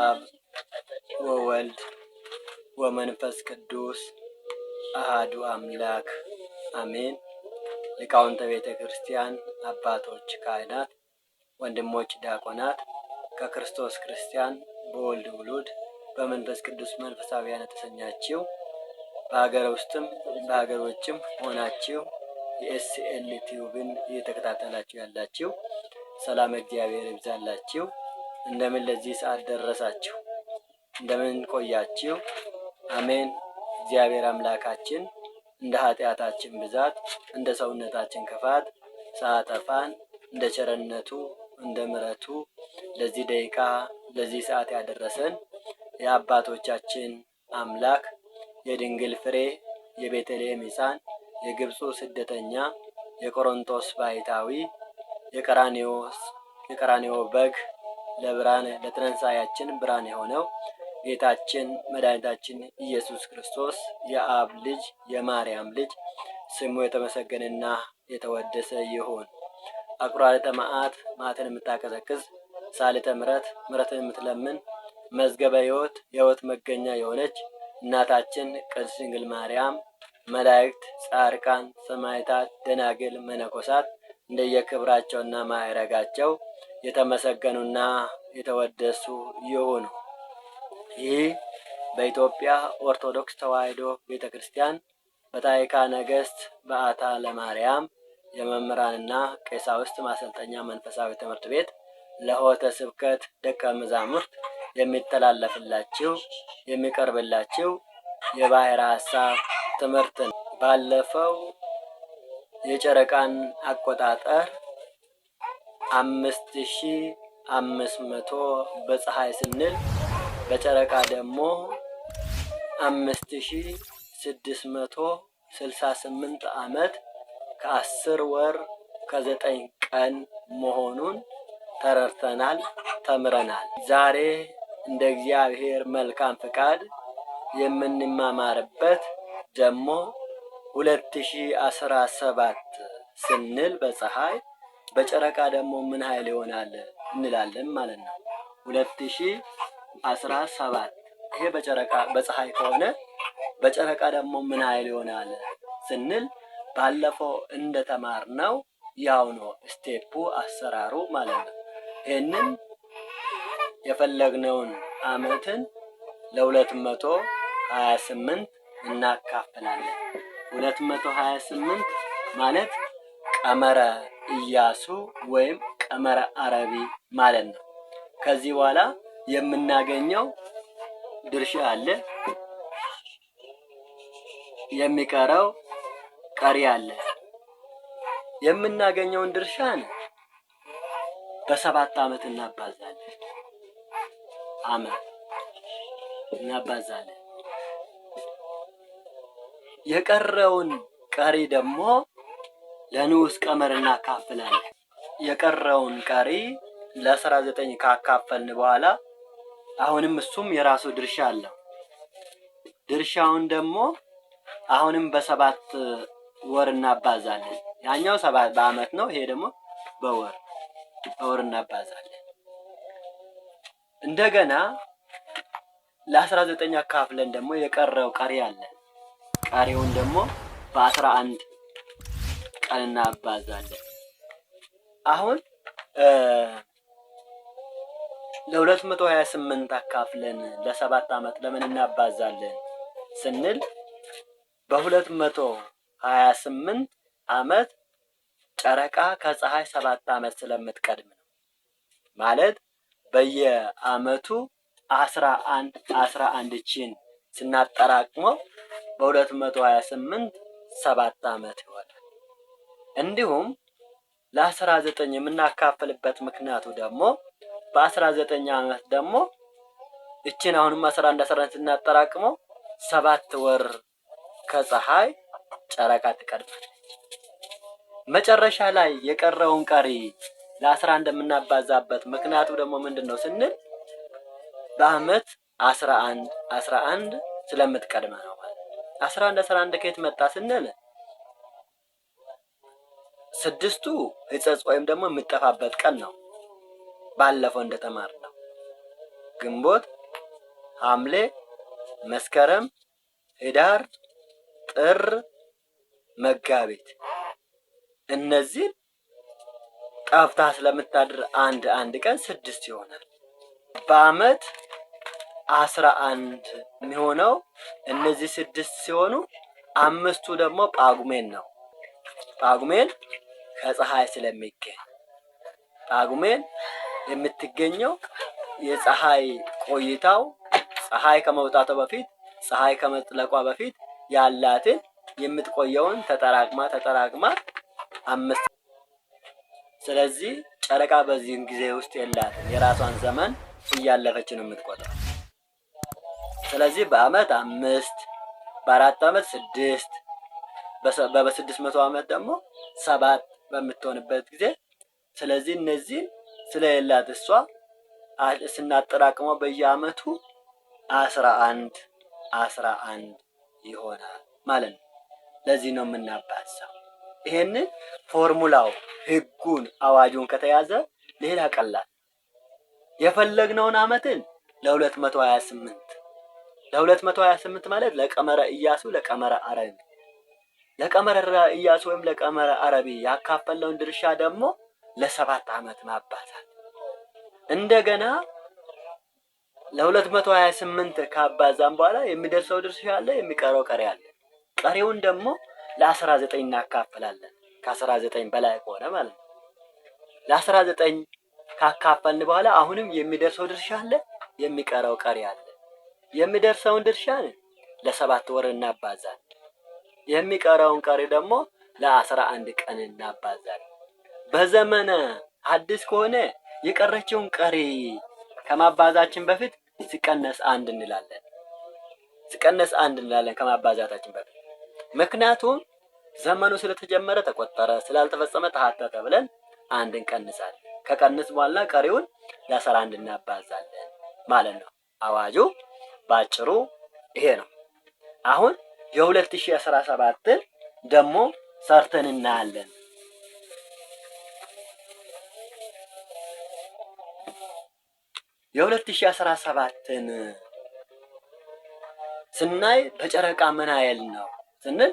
አብ ወወልድ ወመንፈስ ቅዱስ አሃዱ አምላክ አሜን። ሊቃውንተ ቤተ ክርስቲያን፣ አባቶች፣ ካህናት፣ ወንድሞች ዲያቆናት፣ ከክርስቶስ ክርስቲያን በወልድ ውሉድ በመንፈስ ቅዱስ መንፈሳዊያን የተሰኛችው በሀገር ውስጥም በሀገር ውጭም ሆናችሁ የኤስኤል ቲዩብን እየተከታተላችሁ ያላችሁ ሰላም እግዚአብሔር ይብዛላችሁ። እንደምን ለዚህ ሰዓት ደረሳችሁ? እንደምን ቆያችሁ? አሜን። እግዚአብሔር አምላካችን እንደ ኃጢአታችን ብዛት እንደ ሰውነታችን ክፋት ሳያጠፋን እንደ ቸርነቱ እንደ ምረቱ ለዚህ ደቂቃ ለዚህ ሰዓት ያደረሰን የአባቶቻችን አምላክ የድንግል ፍሬ የቤተልሔም ሕፃን የግብፁ ስደተኛ የቆሮንቶስ ባይታዊ የቀራኔዎስ የቀራኔዎ በግ ለብርሃን ለትንሣኤያችን ብርሃን የሆነው ጌታችን መድኃኒታችን ኢየሱስ ክርስቶስ የአብ ልጅ የማርያም ልጅ ስሙ የተመሰገነና የተወደሰ ይሁን። አቁራሪተ መዓት መዓትን የምታቀዘቅዝ ሳልተ ምሕረት ምሕረትን የምትለምን መዝገበ ሕይወት የሕይወት መገኛ የሆነች እናታችን ቅድስት ድንግል ማርያም መላእክት፣ ጻድቃን፣ ሰማዕታት፣ ደናግል፣ መነኮሳት እንደየክብራቸውና ማዕረጋቸው የተመሰገኑና የተወደሱ ይሁኑ። ይህ በኢትዮጵያ ኦርቶዶክስ ተዋሕዶ ቤተ ክርስቲያን በታዕካ ነገሥት በዓታ ለማርያም የመምህራንና ቀሳውስት ማሰልጠኛ መንፈሳዊ ትምህርት ቤት ለሆተ ስብከት ደቀ መዛሙርት የሚተላለፍላችሁ የሚቀርብላችሁ የባሕረ ሐሳብ ትምህርት ነው። ባለፈው የጨረቃን አቆጣጠር አምስት ሺ አምስት መቶ በፀሐይ ስንል በጨረቃ ደግሞ አምስት ሺ ስድስት መቶ ስልሳ ስምንት ዓመት ከአስር ወር ከዘጠኝ ቀን መሆኑን ተረድተናል፣ ተምረናል። ዛሬ እንደ እግዚአብሔር መልካም ፈቃድ የምንማማርበት ደግሞ ሁለት ሺ አስራ ሰባት ስንል በፀሐይ በጨረቃ ደግሞ ምን ኃይል ይሆናል እንላለን ማለት ነው። ሁለት ሺ አስራ ሰባት ይሄ በጨረቃ በፀሐይ ከሆነ በጨረቃ ደግሞ ምን ኃይል ይሆናል ስንል ባለፈው እንደተማርነው ያው ነው ስቴፑ አሰራሩ ማለት ነው። ይህንን የፈለግነውን አመትን ለሁለት መቶ ሀያ ስምንት እናካፍላለን። ሁለት መቶ ሀያ ስምንት ማለት ቀመረ ኢያሱ ወይም ቀመረ አረቢ ማለት ነው። ከዚህ በኋላ የምናገኘው ድርሻ አለ፣ የሚቀረው ቀሪ አለ። የምናገኘውን ነው በሰባት ዓመት እናባዛለን። ዓመት እናባዛለን። የቀረውን ቀሪ ደግሞ ለንዑስ ቀመር እናካፍላለን። የቀረውን ቀሪ ለአስራ ዘጠኝ ካካፈልን በኋላ አሁንም እሱም የራሱ ድርሻ አለው። ድርሻውን ደግሞ አሁንም በሰባት ወር እናባዛለን። ያኛው ሰባት በአመት ነው፣ ይሄ ደግሞ በወር በወር እናባዛለን። እንደገና ለአስራ ዘጠኝ አካፍለን ደግሞ የቀረው ቀሪ አለ። ቀሪውን ደግሞ በአስራ አንድ እንሰጣለን እናባዛለን። አሁን ለሁለት መቶ ሀያ ስምንት አካፍለን ለሰባት ዓመት ለምን እናባዛለን ስንል በሁለት መቶ ሀያ ስምንት ዓመት ጨረቃ ከፀሐይ ሰባት ዓመት ስለምትቀድም ነው። ማለት በየዓመቱ አስራ አንድ አስራ አንድ ቺን ስናጠራቅመው በሁለት መቶ ሀያ ስምንት ሰባት ዓመት ይሆናል። እንዲሁም ለ19 የምናካፍልበት ምክንያቱ ደግሞ በ 19 ዓመት ደግሞ እችን አሁንም 11 11 አስራ ስናጠራቅመው ሰባት ወር ከፀሐይ ጨረቃ ትቀድማለች። መጨረሻ ላይ የቀረውን ቀሪ ለአስራ አንድ የምናባዛበት ምክንያቱ ደግሞ ምንድን ነው ስንል በአመት አስራ አንድ አስራ አንድ ስለምትቀድመ ነው ማለት አስራ አንድ አስራ አንድ ከየት መጣ ስንል ስድስቱ ህጸጽ ወይም ደግሞ የምጠፋበት ቀን ነው። ባለፈው እንደተማርነው ግንቦት፣ ሐምሌ፣ መስከረም፣ ህዳር፣ ጥር፣ መጋቢት እነዚህን ጠፍታ ስለምታድር አንድ አንድ ቀን ስድስት ይሆናል። በአመት አስራ አንድ የሚሆነው እነዚህ ስድስት ሲሆኑ አምስቱ ደግሞ ጳጉሜን ነው። ጳጉሜን ከፀሐይ ስለሚገኝ ጳጉሜን የምትገኘው የፀሐይ ቆይታው ፀሐይ ከመውጣቷ በፊት ፀሐይ ከመጥለቋ በፊት ያላትን የምትቆየውን ተጠራቅማ ተጠራቅማ አምስት ስለዚህ ጨረቃ በዚህን ጊዜ ውስጥ የላትን የራሷን ዘመን እያለፈች ነው የምትቆጥረው። ስለዚህ በአመት አምስት በአራት አመት ስድስት በስድስት መቶ አመት ደግሞ ሰባት በምትሆንበት ጊዜ ስለዚህ እነዚህን ስለሌላት እሷ ስናጠራቅመው በየአመቱ አስራ አንድ አስራ አንድ ይሆናል ማለት ነው። ለዚህ ነው የምናባዛው። ይሄንን ፎርሙላው ህጉን አዋጁን ከተያዘ ሌላ ቀላል የፈለግነውን አመትን ለሁለት መቶ ሀያ ስምንት ለሁለት መቶ ሀያ ስምንት ማለት ለቀመረ እያሱ ለቀመረ አረግ ለቀመረ እያሱ ወይም ለቀመረ አረቢ ያካፈለውን ድርሻ ደግሞ ለሰባት አመት ማባዛት እንደገና ለ228 ካባዛን በኋላ የሚደርሰው ድርሻ አለ፣ የሚቀረው ቀሪ አለ። ቀሪውን ደግሞ ለ19 እናካፈላለን ከ ከ19 በላይ ከሆነ ማለት ነው። ለ19 ካካፈልን በኋላ አሁንም የሚደርሰው ድርሻ አለ፣ የሚቀረው ቀሪ አለ። የሚደርሰውን ድርሻ ለሰባት ወር እናባዛል። የሚቀረውን ቀሪ ደግሞ ለአስራ አንድ ቀን እናባዛል። በዘመነ አዲስ ከሆነ የቀረችውን ቀሪ ከማባዛችን በፊት ሲቀነስ አንድ እንላለን። ሲቀነስ አንድ እንላለን ከማባዛታችን በፊት ምክንያቱም ዘመኑ ስለተጀመረ ተቆጠረ፣ ስላልተፈጸመ ተሃተተ ብለን አንድ እንቀንሳለን። ከቀንስ በኋላ ቀሪውን ለአስራ አንድ እናባዛለን ማለት ነው። አዋጁ ባጭሩ ይሄ ነው። አሁን የ2017 ደግሞ ሰርተን እናያለን። የ2017ን ስናይ በጨረቃ ምን ያህል ነው ስንል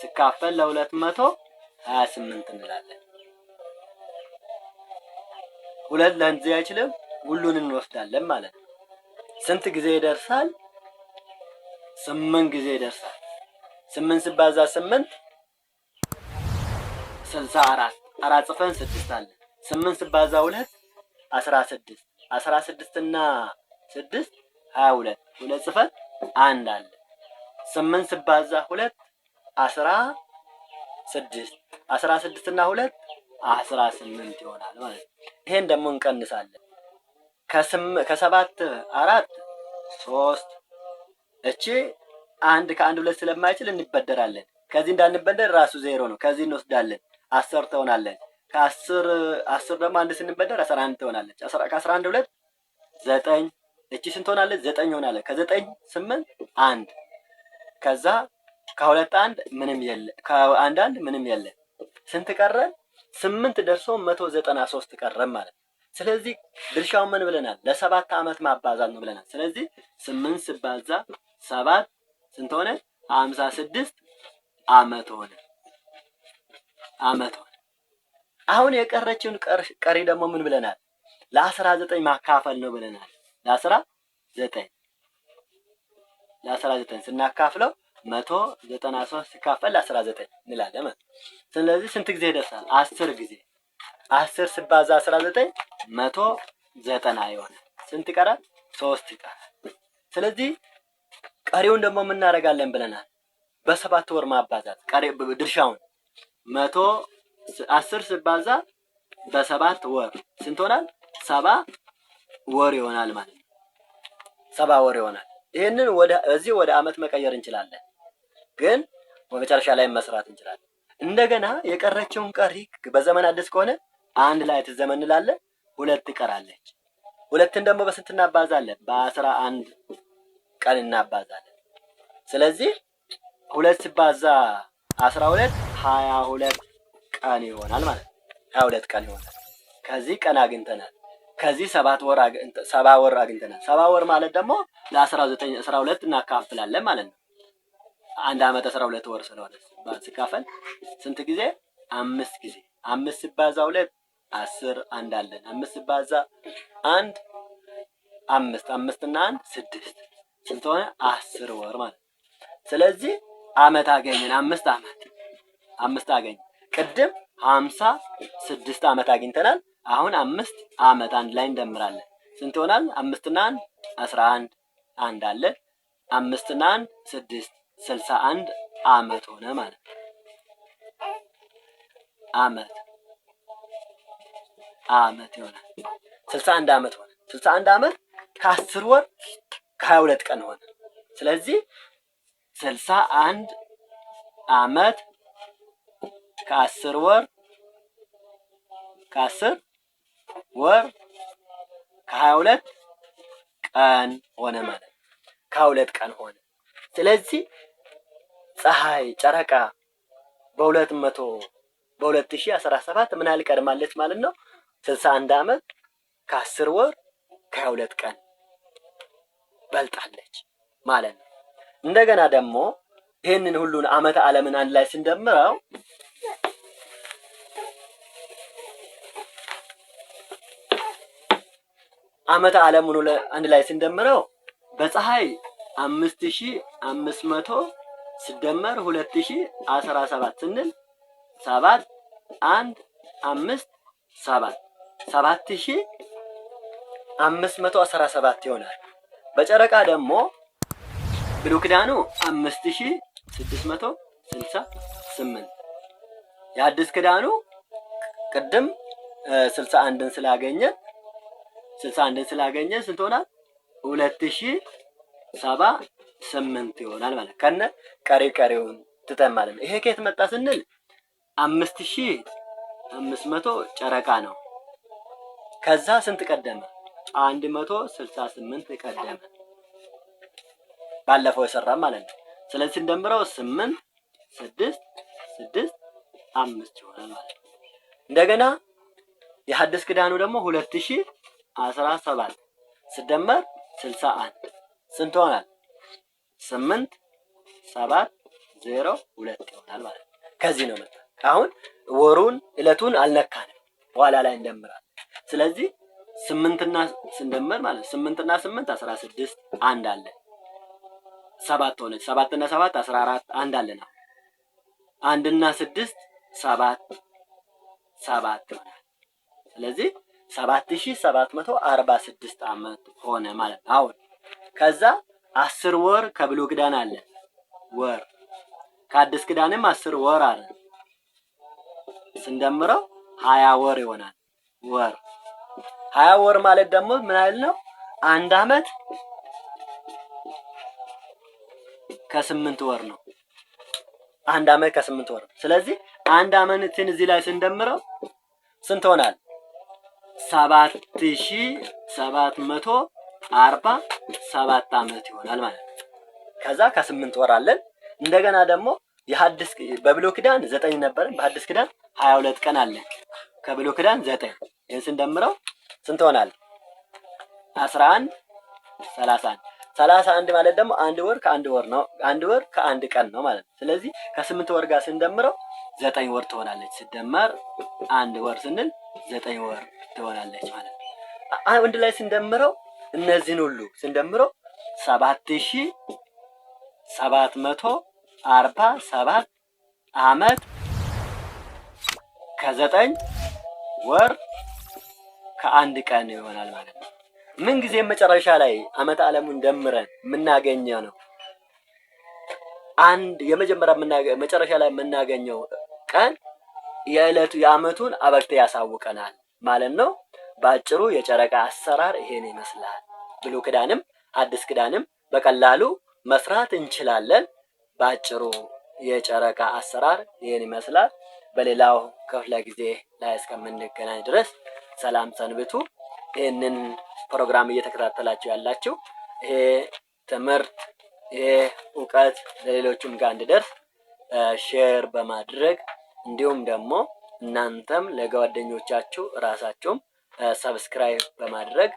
ስካፈል ለሁለት መቶ ሀያ ስምንት እንላለን። ሁለት ለንዚ አይችልም። ሁሉን እንወስዳለን ማለት ነው። ስንት ጊዜ ይደርሳል? ስምንት ጊዜ ይደርሳል። ስምንት ስባዛ ስምንት ስልሳ አራት አራት ጽፈን ስድስት አለ። ስምንት ስባዛ ሁለት አስራ ስድስት አስራ ስድስት እና ስድስት ሀያ ሁለት ሁለት ጽፈን አንድ አለ። ስምንት ስባዛ ሁለት አስራ ስድስት አስራ ስድስት እና ሁለት አስራ ስምንት ይሆናል ማለት ነው። ይሄን ደግሞ እንቀንሳለን። ከሰባት አራት ሶስት እቺ አንድ ከአንድ ሁለት ስለማይችል እንበደራለን። ከዚህ እንዳንበደር ራሱ ዜሮ ነው። ከዚህ እንወስዳለን አስር ትሆናለን። ከአስር አስር ደግሞ አንድ ስንበደር አስራ አንድ ትሆናለች። ከአስራ አንድ ሁለት ዘጠኝ እቺ ስንት ሆናለች? ዘጠኝ ሆናለች። ከዘጠኝ ስምንት አንድ ከዛ ከሁለት አንድ ምንም የለ ከአንድ አንድ ምንም የለ ስንት ቀረን? ስምንት ደርሶ መቶ ዘጠና ሶስት ቀረም ማለት ነው። ስለዚህ ድርሻው ምን ብለናል? ለሰባት ዓመት ማባዛት ነው ብለናል። ስለዚህ ስምንት ስባዛ ሰባት ስንት ሆነ? ሀምሳ ስድስት ዓመት ሆነ ዓመት ሆነ። አሁን የቀረችውን ቀሪ ደግሞ ምን ብለናል? ለአስራ ዘጠኝ ማካፈል ነው ብለናል። ለአስራ ዘጠኝ ለአስራ ዘጠኝ ስናካፍለው መቶ ዘጠና ሶስት ሲካፈል አስራ ዘጠኝ እንላለን ማለት ስለዚህ ስንት ጊዜ ይደርሳል? አስር ጊዜ አስር ስባዛ አስራ ዘጠኝ መቶ ዘጠና የሆነ ስንት ይቀራል? ሶስት ይቀራል። ስለዚህ ቀሪውን ደግሞ የምናደርጋለን ብለናል። በሰባት ወር ማባዛት ቀሪ ድርሻውን መቶ አስር ስባዛ በሰባት ወር ስንት ሆናል? ሰባ ወር ይሆናል ማለት ነው። ሰባ ወር ይሆናል። ይህንን ወደ እዚህ ወደ አመት መቀየር እንችላለን። ግን በመጨረሻ ላይ መስራት እንችላለን። እንደገና የቀረችውን ቀሪ በዘመን አዲስ ከሆነ አንድ ላይ ትዘመን እንላለን። ሁለት ትቀራለች። ሁለትን ደግሞ በስንት እናባዛለን? በአስራ አንድ ቀን እናባዛለን። ስለዚህ ሁለት ሲባዛ አስራ ሁለት ሀያ ሁለት ቀን ይሆናል ማለት ነው። ሀያ ሁለት ቀን ይሆናል። ከዚህ ቀን አግኝተናል። ከዚህ ሰባት ወር ሰባ ወር አግኝተናል። ሰባ ወር ማለት ደግሞ ለአስራ ዘጠኝ አስራ ሁለት እናካፍላለን ማለት ነው። አንድ አመት አስራ ሁለት ወር ስለሆነ ሲካፈል ስንት ጊዜ? አምስት ጊዜ። አምስት ሲባዛ ሁለት አስር አንድ አለን። አምስት ሲባዛ አንድ አምስት አምስት እና አንድ ስድስት ስንት ሆነ? አስር ወር ማለት ስለዚህ አመት አገኘን። አምስት አመት አምስት አገኘ ቅድም ሀምሳ ስድስት አመት አግኝተናል። አሁን አምስት አመት አንድ ላይ እንደምራለን። ስንት ይሆናል? አምስትና አንድ አስራ አንድ አንድ አለን። አምስትና አንድ ስድስት ስልሳ አንድ አመት ሆነ ማለት ነው። አመት አመት ሆነ ስልሳ አንድ አመት ሆነ። ስልሳ አንድ አመት ከአስር ወር ከሀያ ሁለት ቀን ሆነ። ስለዚህ ስልሳ አንድ አመት ከአስር ወር ከአስር ወር ከሀያ ሁለት ቀን ሆነ ማለት ነው። ከሀያ ሁለት ቀን ሆነ። ስለዚህ ፀሐይ፣ ጨረቃ በሁለት መቶ በሁለት ሺህ አስራ ሰባት ምን ያህል ቀድማለች ማለት ነው? ስልሳ አንድ ዓመት ከአስር ወር ከሀያ ሁለት ቀን በልጣለች ማለት ነው። እንደገና ደግሞ ይህንን ሁሉን ዓመተ ዓለምን አንድ ላይ ስንደምረው ዓመተ ዓለሙን አንድ ላይ ስንደምረው በፀሐይ አምስት ሺህ አምስት መቶ ስደመር 2017 ስንል 7 1 5 7 7 ሺህ ይሆናል። በጨረቃ ደግሞ ብሉይ ኪዳኑ 5668 የአዲስ ኪዳኑ ቅድም 61 ን ስላገኘ 61 ን ስላገኘ ስንት ሆናል? 2000 ሰባ ስምንት ይሆናል ማለት ከነ ቀሪ ቀሪውን ትተን ማለት ነው። ይሄ ከየት መጣ ስንል አምስት ሺህ አምስት መቶ ጨረቃ ነው። ከዛ ስንት ቀደመ? አንድ መቶ ስልሳ ስምንት ቀደመ። ባለፈው የሰራ ማለት ነው። ስለዚህ ስንደምረው ስምንት ስድስት ስድስት አምስት ይሆናል ማለት ነው። እንደገና የሐዲስ ክዳኑ ደግሞ ሁለት ሺህ አስራ ሰባት ስደመር ስልሳ አንድ ስንት ይሆናል? ስምንት ሰባት ዜሮ ሁለት ይሆናል ማለት ነው። ከዚህ ነው መጣ። አሁን ወሩን እለቱን አልነካንም፣ በኋላ ላይ እንደምራል። ስለዚህ ስምንትና ስንደምር ማለት ስምንትና ስምንት አስራ ስድስት አንድ አለ ሰባት ሆነች። ሰባትና ሰባት አስራ አራት አንድ አለ ነው። አንድና ስድስት ሰባት ሰባት ይሆናል። ስለዚህ ሰባት ሺህ ሰባት መቶ አርባ ስድስት ዓመት ሆነ ማለት ነው። አሁን ከዛ አስር ወር ከብሉይ ኪዳን አለ ወር ከአዲስ ኪዳንም አስር ወር አለ። ስንደምረው ሀያ ወር ይሆናል። ወር ሀያ ወር ማለት ደግሞ ምን አይል ነው? አንድ አመት ከስምንት ወር ነው። አንድ አመት ከስምንት ወር ነው። ስለዚህ አንድ አመትን እዚህ ላይ ስንደምረው ስንት ሆናል? ሰባት ሺህ ሰባት መቶ አርባ ሰባት ዓመት ይሆናል ማለት ነው። ከዛ ከስምንት ወር አለን። እንደገና ደግሞ የሐዲስ በብሎ ኪዳን ዘጠኝ ነበረን። በሐዲስ ኪዳን ሀያ ሁለት ቀን አለን። ከብሎ ኪዳን ዘጠኝ ይህን ስንደምረው ስንት ሆናል? አስራ አንድ ሰላሳ አንድ ሰላሳ አንድ ማለት ደግሞ አንድ ወር ከአንድ ወር ነው። አንድ ወር ከአንድ ቀን ነው ማለት ነው። ስለዚህ ከስምንት ወር ጋር ስንደምረው ዘጠኝ ወር ትሆናለች። ስደመር አንድ ወር ስንል ዘጠኝ ወር ትሆናለች ማለት ነው። አንድ ላይ ስንደምረው እነዚህን ሁሉ ስንደምረው ሰባት ሺ ሰባት መቶ አርባ ሰባት አመት ከዘጠኝ ወር ከአንድ ቀን ይሆናል ማለት ነው። ምን ጊዜ መጨረሻ ላይ አመት ዓለሙን ደምረን የምናገኘው ነው አንድ የመጀመሪያ መጨረሻ ላይ የምናገኘው ቀን የዕለቱ የአመቱን አበቅተ ያሳውቀናል ማለት ነው። በአጭሩ የጨረቃ አሰራር ይሄን ይመስላል። ብሉይ ክዳንም አዲስ ክዳንም በቀላሉ መስራት እንችላለን። በአጭሩ የጨረቃ አሰራር ይሄን ይመስላል። በሌላው ክፍለ ጊዜ ላይ እስከምንገናኝ ድረስ ሰላም ሰንብቱ። ይህንን ፕሮግራም እየተከታተላችሁ ያላችሁ ይሄ ትምህርት ይሄ እውቀት ለሌሎችም ጋር እንድደርስ ሼር በማድረግ እንዲሁም ደግሞ እናንተም ለጓደኞቻችሁ እራሳችሁም ሰብስክራይብ በማድረግ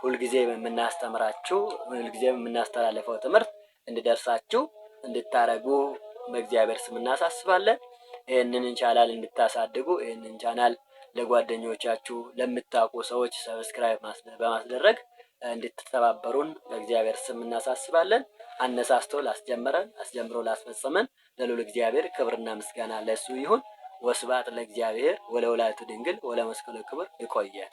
ሁልጊዜ የምናስተምራችሁ ሁልጊዜ የምናስተላልፈው ትምህርት እንድደርሳችሁ እንድታረጉ በእግዚአብሔር ስም እናሳስባለን። ይህንን ቻናል እንድታሳድጉ ይህንን ቻናል ለጓደኞቻችሁ ለምታውቁ ሰዎች ሰብስክራይብ በማስደረግ እንድትተባበሩን በእግዚአብሔር ስም እናሳስባለን። አነሳስቶ ላስጀመረን አስጀምሮ ላስፈጸመን ለልዑል እግዚአብሔር ክብርና ምስጋና ለእሱ ይሁን። ወስባት ለእግዚአብሔር ወለውላቱ ድንግል ወለመስቀሉ ክብር ይቆያል።